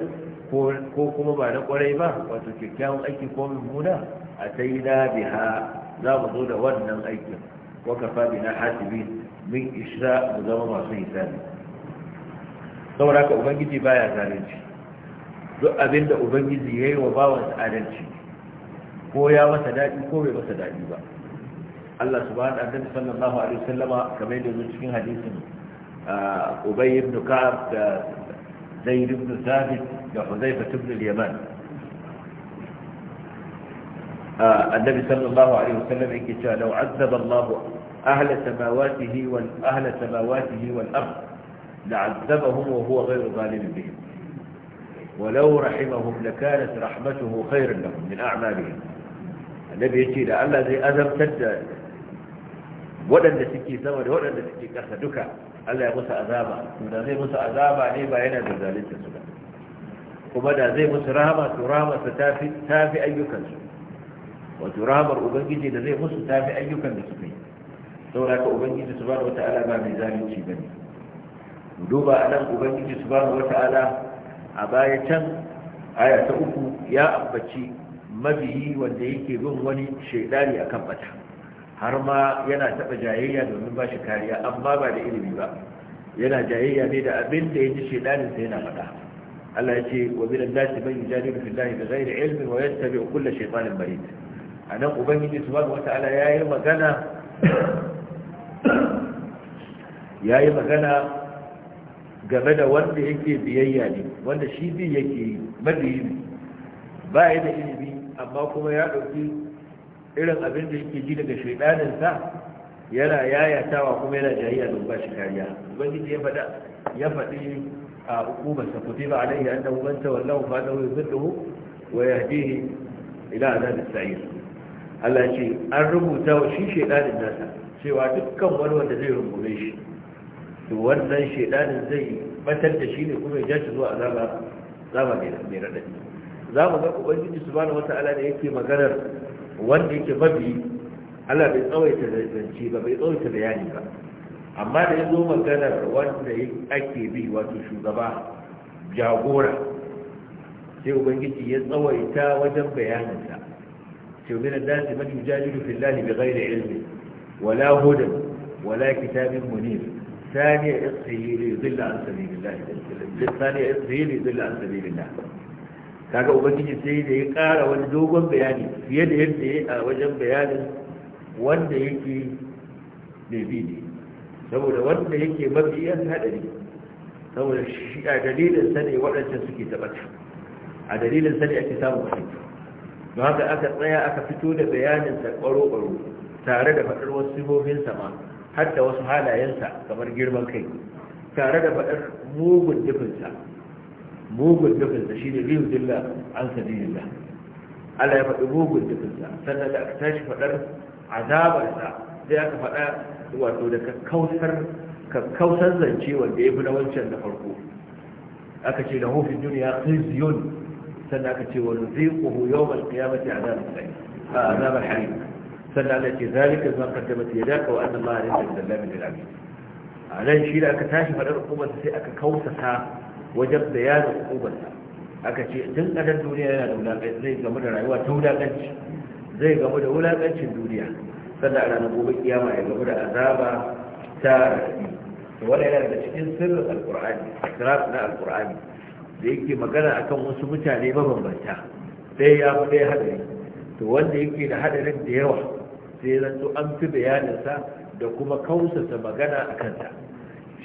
ko kuma ba na kwarai ba wato kyakkyawan aiki ko mummuna a sai na biha za mu zo da wannan aikin wa kafa bina hasibin min isra mu zama masu hisabi saboda ka ubangiji baya zalunci duk abin da ubangiji ya yi wa bawansa adalci ko ya masa daɗi ko bai masa daɗi ba Allah subhanahu wa sannan sallallahu alaihi Sallama kamar da zuwa cikin hadisin Ubay ibn Ka'ab da Zaid ibn Thabit da Hudayfa ibn yaman النبي صلى الله عليه وسلم يقول لو عذب الله أهل سماواته وأهل سماواته والأرض لعذبهم وهو غير ظالم بهم ولو رحمهم لكانت رحمته خيرا لهم من أعمالهم النبي يقول لألا زي أذب تجد waɗanda suke sama da waɗanda suke ƙasa duka Allah ya musu azaba da zai musu azaba ne ba yana da zalunta su kuma da zai musu rahama su rahama su tafi ayyukansu ayyukan su wato rahamar ubangiji da zai musu tafi ayyukan da suka yi saboda ka ubangiji subhanahu wata'ala ba mai zalunci ba ne duba nan ubangiji subhanahu wata'ala a baya can aya ta uku ya ambaci mabiyi wanda yake bin wani shaidani kan bata har ma yana taba jayayya domin ba shi kariya amma ba da ilimi ba yana jayayya ne da abin da ya ji shaidaninsa yana faɗa Allah ya ce wa da an bayyana da Allah da bighairi ilmi wa yattabi'u kullu shaytanin marid a nan ubangiji subhanahu wata'ala ya yi magana ya yi magana game da wanda yake biyayya ne wanda shi bi yake madiyi ba ya da ilimi amma kuma ya ɗauki irin abin da yake ji daga shaidaninsa yana yayatawa kuma yana jayayya don ba shi kariya ubangiji ya faɗa ya faɗi a hukumar sa kutiba alayhi annahu man tawallahu fa lahu yudhilluhu wa yahdihi ila adab sair Allah ce an rubuta wa shi shaidanin nasa cewa dukkan wani wanda zai rubuta shi to wannan shaidanin zai batar da shi ne kuma ya jaci zuwa azaba zama mai radadi za mu ga ubangiji subhanahu wata'ala da yake maganar wanda yake babi Allah bai tsawaita da zance ba bai tsawaita da yani ba amma da ya zo maganar wanda ake bi wato shugaba jagora sai ubangiji ya tsawaita wajen bayaninsa ce min an-nas man yujadilu fillahi bighayri ilmin wala hudan wala kitabin munir ثانية إصحه ليضل عن سبيل الله ثانية إصحه an عن سبيل الله kaga ubangiji sai da ya kara wani dogon bayani fiye da yadda ya a wajen bayanin wanda yake mai bi ne saboda wanda yake mabiyan hadari saboda shi a dalilin sa ne waɗancan suke tabbata a dalilin sa ne ake samun fahimta ba haka aka tsaya aka fito da bayaninsa ƙwaro-ƙwaro tare da faɗar wasu sifofinsa ma har da wasu halayensa kamar girman kai tare da faɗar mugun dufinsa mugun dufinsa shi ne liyu dilla an sabilillah Allah ya faɗi mugun dufinsa sannan da aka tashi faɗar azabarsa sai aka faɗa wato da kakkausar kakkausar zance wanda ya fi na wancan na farko aka ce da hofin duniya khizyun sannan aka ce wani wa nuziquhu yawmal qiyamati azab azab al-harim sannan Allah ce zalika zan kaddama ta yadaka wa nan Allah rizqul lillahi lil alamin a nan shi da aka tashi faɗar hukumar sai aka kausata wajen bayanin hukumar aka ce tun kadan duniya yana da wulakanci zai gamu da rayuwa ta wulakanci zai gamu da wulakancin duniya sannan a ranar gobe kiyama ya gamu da azaba ta rafi wannan yana daga cikin sirrin alkur'ani asirar na alkur'ani da yake magana akan wasu mutane mabambanta sai ya fi ɗaya haɗari to wanda yake da haɗarin da yawa sai zan to an fi bayanin sa da kuma kausasa magana a kansa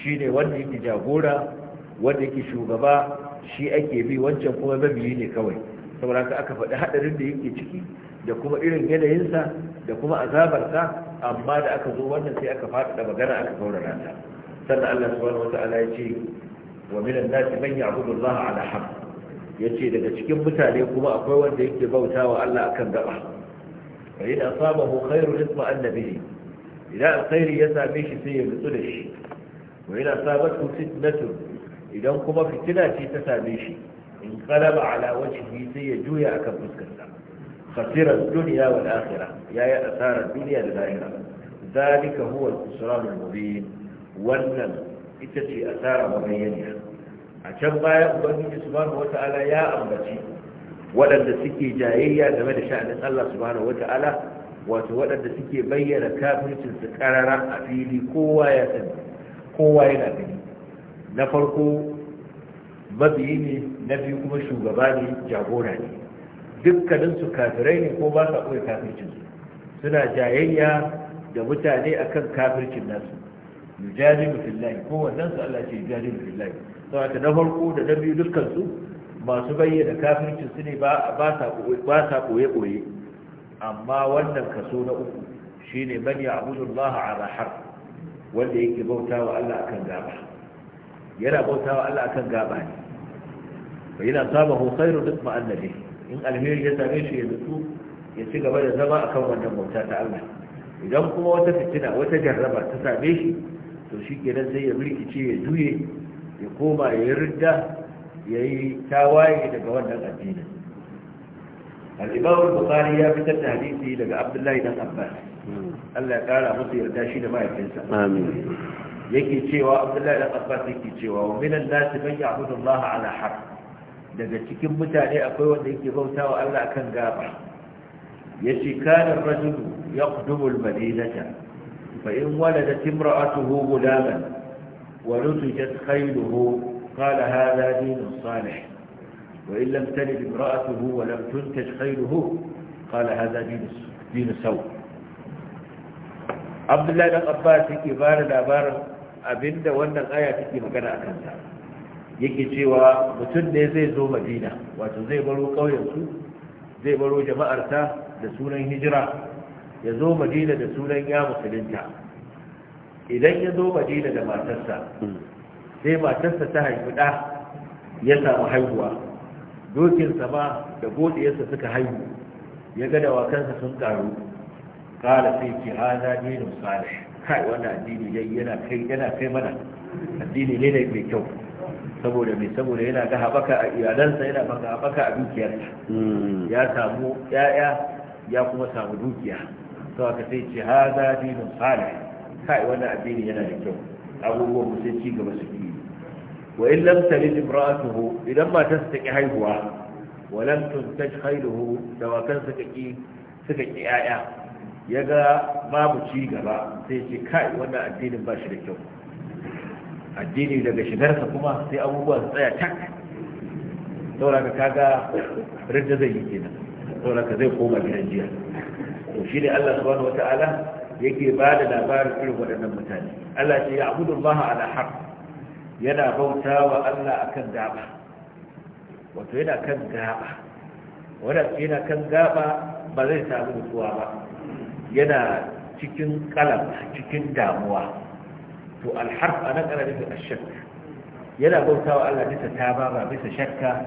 shi ne wanda yake jagora wanda yake shugaba shi ake bi wancan kuma mabiyi ne kawai saboda ka aka faɗi haɗarin da yake ciki da kuma irin yanayinsa da kuma azabarsa amma da aka zo wannan sai aka faɗaɗa magana aka saurara ta sannan allah subhanahu wa ta'ala ya ce wa minan nasi man ya'budu Allah ala hamd yace daga cikin mutane kuma akwai wanda yake bautawa Allah akan gaba fa in asabahu khairun isma annabihi idan alkhairi ya same shi sai ya nutsu da shi wa in asabatu fitnatun idan kuma fitina ce ta same shi in qalaba ala wajhihi sai ya juya akan fuskarsa khasira dunya wal akhirah yayi asarar duniya da lahira zalika huwa al-khusran al-mubin wannan ita ce tsara mabayyaniya a can baya ubangiji subhanahu wata'ala ya ambaci waɗanda suke jayayya game da sha'anin Allah subhanahu wata'ala wato waɗanda suke bayyana kafircin su karara a fili kowa ya sani kowa yana gani na farko mabiyi ne na biyu kuma shugaba ne jagora ne dukkanin su kafirai ne ko ba sa kafircin su suna jayayya da mutane akan kafircin nasu yujadilu fillahi ko wannan su Allah ce yujadilu fillahi saboda na farko da na biyu dukkan masu bayyana kafircin su ne ba sa koye koye amma wannan kaso na uku shine a ya'budu Allah ala har wanda yake wa Allah akan gaba yana bauta wa Allah akan gaba ne ba yana sabahu khairu duk annabi in alheri ya same shi ya nutsu ya ci gaba da zama akan wannan bauta ta Allah idan kuma wata fitina wata jarraba ta same shi to shi kenan sai ya birkice ya juye ya koma ya yi ridda ya yi tawaye daga wannan addinin al'ibawar bukari ya fitar da hadisi daga abdullahi dan abbas allah ya kara musu yarda shi da mahaifinsa yake cewa abdullahi dan abbas yake cewa wa minan nasi man ya'budu allah ala daga cikin mutane akwai wanda yake bautawa allah akan gaba yace kana rajulu yaqdumu al-madinata فإن ولدت امرأته غلاما ولتجت خيله قال هذا دين صالح وإن لم تلد امرأته ولم تنتج خيله قال هذا دين سوء عبد الله بن عباس yake bada labarin abinda wannan aya take magana akan sa yake cewa mutum ne zai zo Madina wato zai baro kauyen su zai baro jama'ar ta da sunan hijira ya zo madina da sunan ya musulunta idan ya zo madina da matarsa sai matarsa ta haifi ɗa ya samu haihuwa dokinsa ma da godiyarsa suka haihu ya ga dawakansa sun karu kala sai ki hana dinin salih kai wannan addini yayi yana kai yana kai mana addini ne mai kyau saboda mai saboda yana ga haɓaka a iyalansa yana ga haɓaka a dukiyarsa hmm. ya samu ya'ya ya kuma samu dukiya sau aka sai ce ha za dinin salih kai wannan addini yana da kyau abubuwan sai ci gaba su yi wa in lam talid imra'atuhu idan matar ta ki haihuwa wa lam tuntaj khairuhu dawakan suka ki suka ki yaya ya ga babu ci gaba sai ce kai wannan addinin ba shi da kyau addini daga shigarsa kuma sai abubuwa su tsaya tak saboda ka kaga ridda zai yi kenan saboda ka zai koma gidan jiya to shi ne Allah subhanahu wata'ala yake ba da labarin irin waɗannan mutane Allah ce ya abudu Allah ala haq yana bauta wa Allah akan gaba wato yana kan gaba wanda yana kan gaba ba zai samu nutsuwa ba yana cikin kalam cikin damuwa to alharf anan kana nufin ashak yana bauta wa Allah bisa taba ba bisa shakka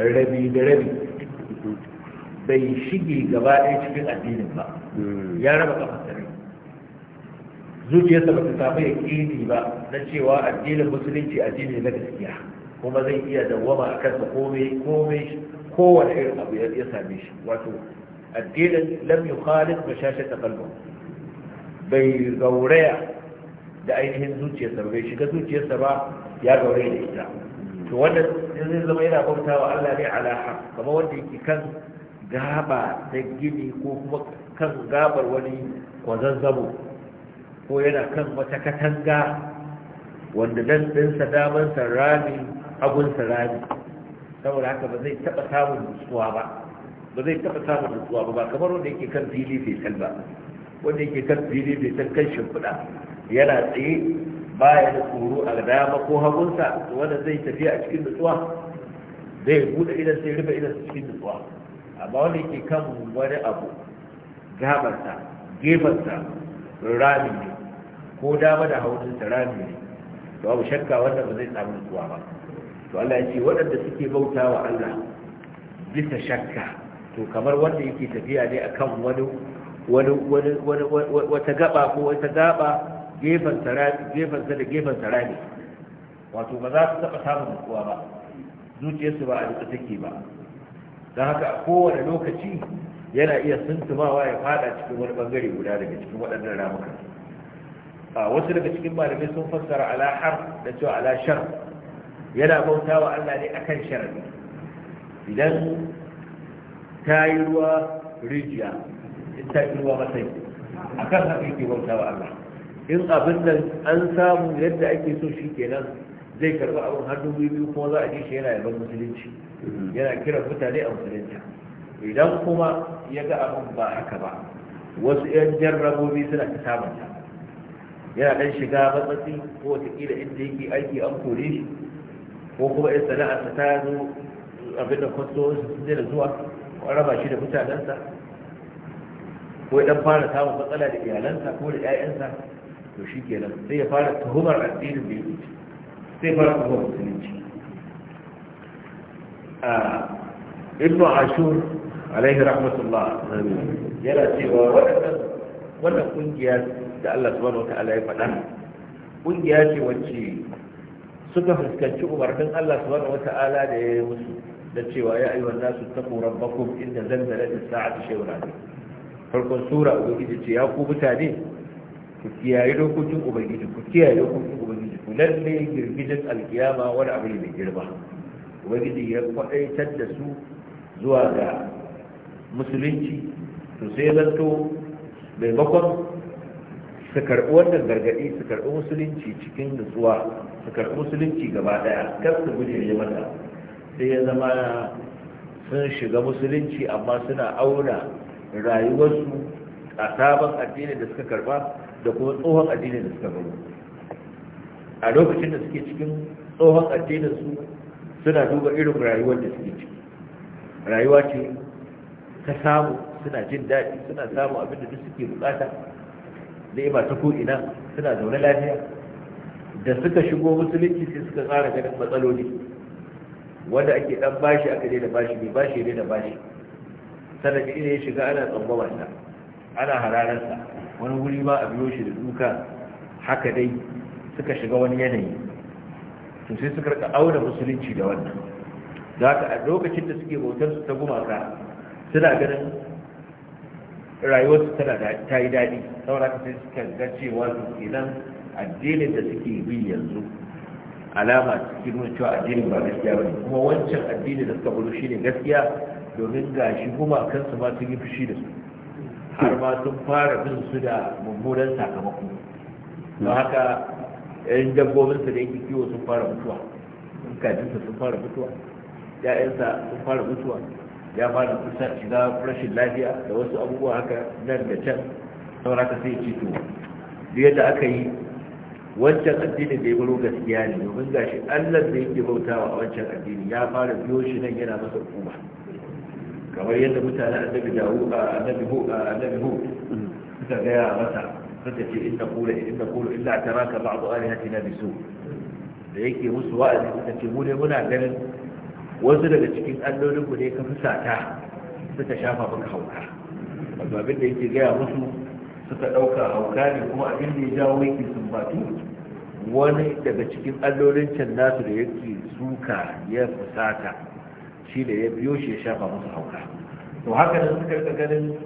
rabi da rabi bai shige gaba ɗaya cikin addinin ba hmm. ya raba kafarsa zuciyarsa ba ta samu ya ba na cewa addinin musulunci addini na gaskiya kuma zai iya dawwama a kansa komai komai kowane irin abu ya same shi wato addinin lam yukhalif bashashat qalbi bai gauraya da ainihin zuciyarsa bai shiga zuciyarsa ba ya gauraya da ita hmm. to wannan zai zama yana bautawa Allah ne ala haq kamar wanda yake kan gaba na gini ko kuma kan gabar wani kwazazzabo ko yana kan wata katanga wanda dan ɗinsa damansa rami abunsa rami saboda haka ba zai taɓa samun nutsuwa ba ba zai taɓa samun nutsuwa ba ba kamar wanda yake kan fili fesal ba wanda yake kan fili fesal kan shimfiɗa yana tsaye baya da tsoro a dama ko hagunsa wanda zai tafiya a cikin nutsuwa zai buɗe idan sai rufe idan cikin nutsuwa amma wanda yake kan wani abu gabarsa gefarsa rami ne ko dama da hauninsa rami ne babu shakka wannan ba zai samu nutsuwa ba to Allah ya ce waɗanda suke bauta wa Allah bisa shakka to kamar wanda yake tafiya ne akan wani wani wani wata gaba ko wata gaba gefen tarami gefen da gefen tarami wato ba za su taɓa samun nutsuwa ba zuciyarsu ba a duka take ba don haka a kowane lokaci yana iya suntumawa ya fada cikin wani bangare guda daga cikin waɗannan ramukan a wasu daga cikin malamai sun fassara ala har da cewa ala shar yana bauta wa Allah ne akan sharadi idan ta yi ruwa rijiya in ta yi ruwa matsayi kan haka yake bauta wa Allah in abin nan an samu yadda ake so shi kenan zai karba abin hannu biyu kuma za a shi yana yaban musulunci yana kiran mutane a musulunci idan kuma ya ga abin ba haka ba wasu yan jarrabobi suna ta samun yana dan shiga matsatsi ko wataƙila inda yake aiki an kore shi ko kuma yan sana'arsa ta zo abin da kwastowarsa sun da zuwa an raba shi da mutanensa ko ya dan fara samun matsala da iyalansa ko da 'ya'yansa to shi kenan sai ya fara tuhumar addinin da yake sai fara kuma musulunci ibnu ashur alaihi rahmatullah yana cewa wannan kungiya da Allah subhanahu wataala ya faɗa kungiya ce wacce suka fuskanci umarnin Allah subhanahu wataala da ya yi musu da cewa ya ayyuhan nasu taqu rabbakum inna zalzalati sa'ati shay'un 'azim farkon sura ubangiji ce ya ku mutane ku kiyaye dokokin ubangiji ku kiyaye dokokin ubangiji ku lalle girgizar alkiyama wani abu ne mai girma ubangiji ya kwadaitar da su zuwa ga musulunci to sai zanto maimakon su karɓi wannan gargaɗi su karɓi musulunci cikin nutsuwa su karɓi musulunci gaba ɗaya kar su guje mata sai ya zama sun shiga musulunci amma suna auna rayuwarsu a sabon addinin da suka karɓa da kuma tsohon addinin da suka bayyana a lokacin da suke cikin tsohon addinin su suna duba irin rayuwar da suke ciki rayuwa ce ta samu suna jin daɗi suna samu abin da duk suke bukata da ima ta ko'ina suna zaune lafiya da suka shigo musulunci sai suka tsara ganin matsaloli wanda ake dan bashi aka daina bashi mai bashi ya daina bashi sannan ne ya shiga ana tsangwamarsa ana hararansa. wani wuri ma a biyo shi da duka haka dai suka shiga wani yanayi to sai suka rika auna musulunci da wannan za ka a lokacin da suke bautar su ta gumaka suna ganin rayuwarsu tana ta yi daɗi saboda ka sai suka ga cewa su idan addinin da suke bi yanzu alama cikin nuna cewa addinin ba gaskiya ba ne kuma wancan addinin da suka gudu ne gaskiya domin ga shi gumakansu ma sun yi fushi da su har ma sun fara bin su da mummunan sakamako don haka yan su da yake kiwo sun fara mutuwa kajinsa sun fara mutuwa ya'yansa sun fara mutuwa ya fara kusa shiga rashin lafiya da wasu abubuwa haka nan da can saura ka sai ci to da yadda aka yi wancan addini da ya baro gaskiya ne domin gashi allah da yake bautawa a wancan addini ya fara biyo shi nan yana masa hukuma kamar yadda mutane annabi dawu annabi hu annabi hu suka gaya masa suka ce inna qula inna qula illa taraka ba'd alihatina bisu da yake musu wa'azi suka ce mu ne muna ganin wasu daga cikin allolin mu ne ka fusata suka shafa maka hauka wato abin da yake gaya musu suka dauka hauka ne kuma abin da ya jawo yake sumbatu wani daga cikin allolin can nasu da yake suka ya fusata shi da ya biyo shi ya shafa musu hauka to haka da suka rika ganin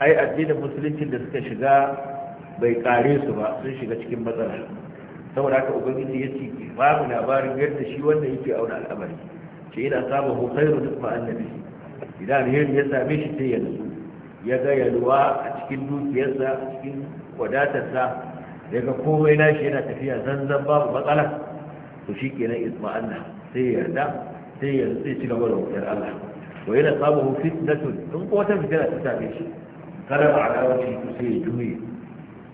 ai addinin musulunci da suka shiga bai kare su ba sun shiga cikin matsala saboda haka ubangiji ya ce babu labarin yadda shi wanda yake auna al'amari ce ina samun hukairu duk ma'annabi idan alheri ya same shi sai ya nutsu ya ga yalwa a cikin dukiyarsa a cikin wadatarsa daga komai nashi yana tafiya zanzan babu matsala to shi kenan isma'anna sai ya yarda sai ya zai ci gaba da wutar Allah wa yana samu fitnatun in ko wata fitina ta tafi shi kada a wani shi sai ya juye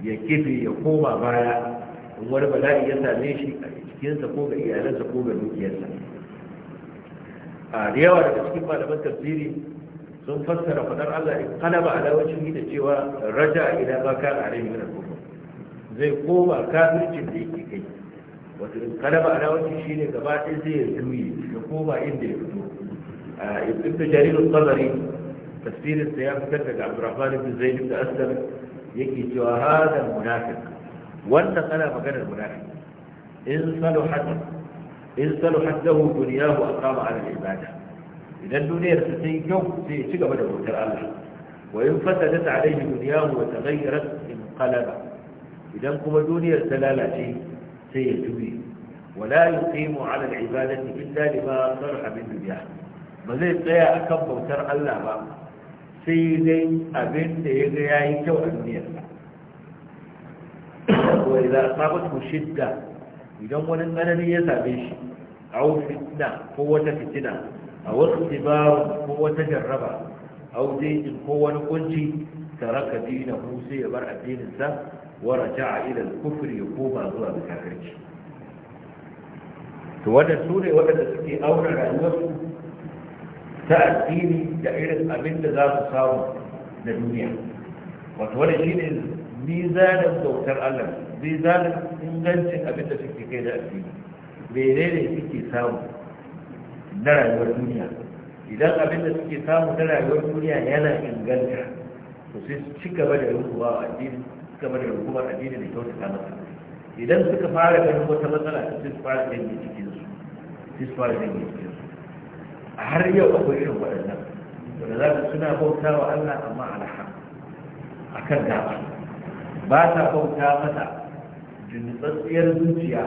ya kifi ya koma baya in wani bala'i ya same shi a cikinsa ko ga iyalansa ko ga dukiyarsa a da yawa daga cikin malaman tafsiri sun fassara fadar Allah in ba ala ne da cewa raja ila ma kana a min al-kufr zai koma kafircin da yake kai wato in kalaba ala wajhi shine gaba ɗaya ya juye ko ba inda ya fito ibn jarir al-qadari tafsirin sa ya fitar daga abdurrahman ibn zaid ibn aslam yake cewa hada munafiq wannan ana maganar munafiq in saluhat in saluhat lahu dunyahu aqama ala al-ibada idan duniyar ta yi kyau sai ya ci gaba da bautar Allah wa in fasadat alayhi dunyahu wa taghayyarat inqalaba idan kuma duniyar ta lalace sai ya juye ولا يقيم على العبادة إلا لما صرح بالدنيا ما زي تلاقي أكبر وتر الله بقى سيدي أبنت يجي جو الدنيا وإذا أصابته شدة idan wani tsanani ya same shi a fitna ko wata fitina a wasu tibaru ko wata jarraba a wujejin ko wani kunci taraka dinahu sai ya bar addininsa wa a ila al ya koma zuwa to wannan su ne waɗanda suke auna rayuwarsu ta addini da irin abin da za su samu na duniya wato wani shi ne mizanin bautar allah mizanin ingancin abin da suke kai da addini menene suke samu na rayuwar duniya idan abin da suke samu na rayuwar duniya yana inganta to sai su ci gaba da rubuwa addini ci gaba da rubuwar addini da kyautata masa idan suka fara ganin wata matsala sai su fara ganin cikin hisba da a har yau akwai irin waɗannan wanda za su suna bauta wa Allah amma alhaq a kan dama ba ta bauta mata jinnitsatsiyar zuciya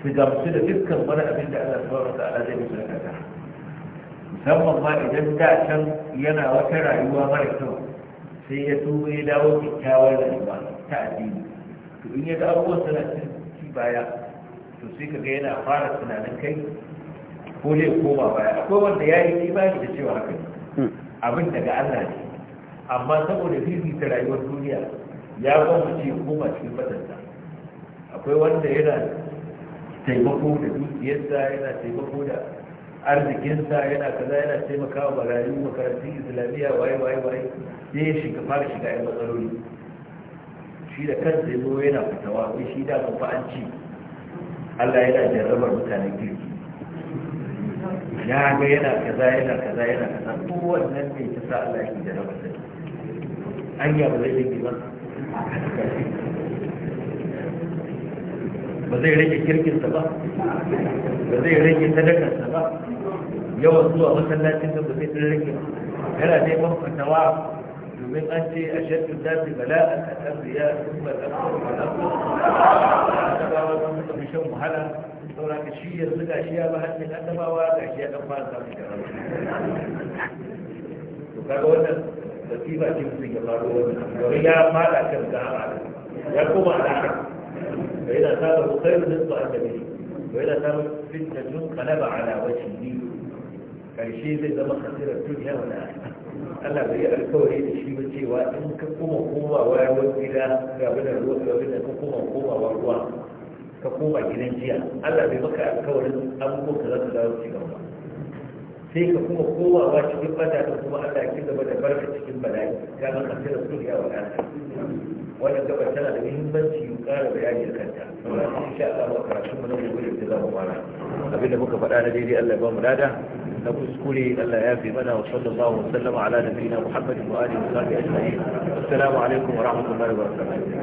su gamsu da dukkan wani abin da Allah subhanahu wa ta'ala zai musu da musamman ma idan da can yana wata rayuwa mara kyau sai ya tuba ya dawo kyakkyawar rayuwa ta addini to in ya ga abubuwan suna ci baya to sai ka ga yana fara tunanin kai ko dai koma baya akwai wanda ya yi imani da cewa haka hmm. abin daga Allah ne amma saboda fifita rayuwar duniya ya ce koma cikin fatanta akwai wanda yana taimako da dukiyarsa yana taimako da arzikinsa yana kaza yana taimakawa barayi makarantun islamiyya waye waye waye sai ya shiga fara shiga yan matsaloli shi da kan zai zo yana fitawa wai shi da ba an ci Allah yana jarrabar mutanen kirki ya ga yana kaza yana kaza yana kaza duk wannan ne ta sa Allah ya jarraba ta an ya ba zai rage ba ba zai rage kirkinsa ba ba zai rage sa ba yawan zuwa masallacin da ba zai rage yana dai ban fatawa من أنت أشد الناس بلاء الأنبياء ثم الأكثر ولكم أنت بشو محلا تقولك شيء يرزق أشياء بهت من أدبا وهذا أشياء أفضل ذلك وكذلك تسيبا جمسي الله وهي ما لا كرزا يقوم على حق فإذا صار خير نصف أدبي وإذا صار فتنة قلب على وجهه كان شيء إذا ما خسر الدنيا ولا أحد Allah bai yi alkawari da shi ba cewa in ka kuma komawa ruwan gida ga da ruwa ga ka kuma komawa ruwa ka koma gidan jiya Allah bai maka alkawarin abubuwan ka za dawo ci gaba sai ka kuma komawa cikin bata da kuma Allah ya ci gaba da barka cikin bala'i ga maka sai suriya wa wannan gabar tana da muhimmanci mu ƙara bayani da kanta saboda insha Allah ba karatun mu na gobe da za mu fara abin da muka faɗa na daidai Allah ya ba mu lada na kuskure Allah ya fi mana wa sallallahu alaihi wa sallama ala nabiyina Muhammadin wa alihi wa sahbihi ajma'in assalamu alaikum wa rahmatullahi wa barakatuh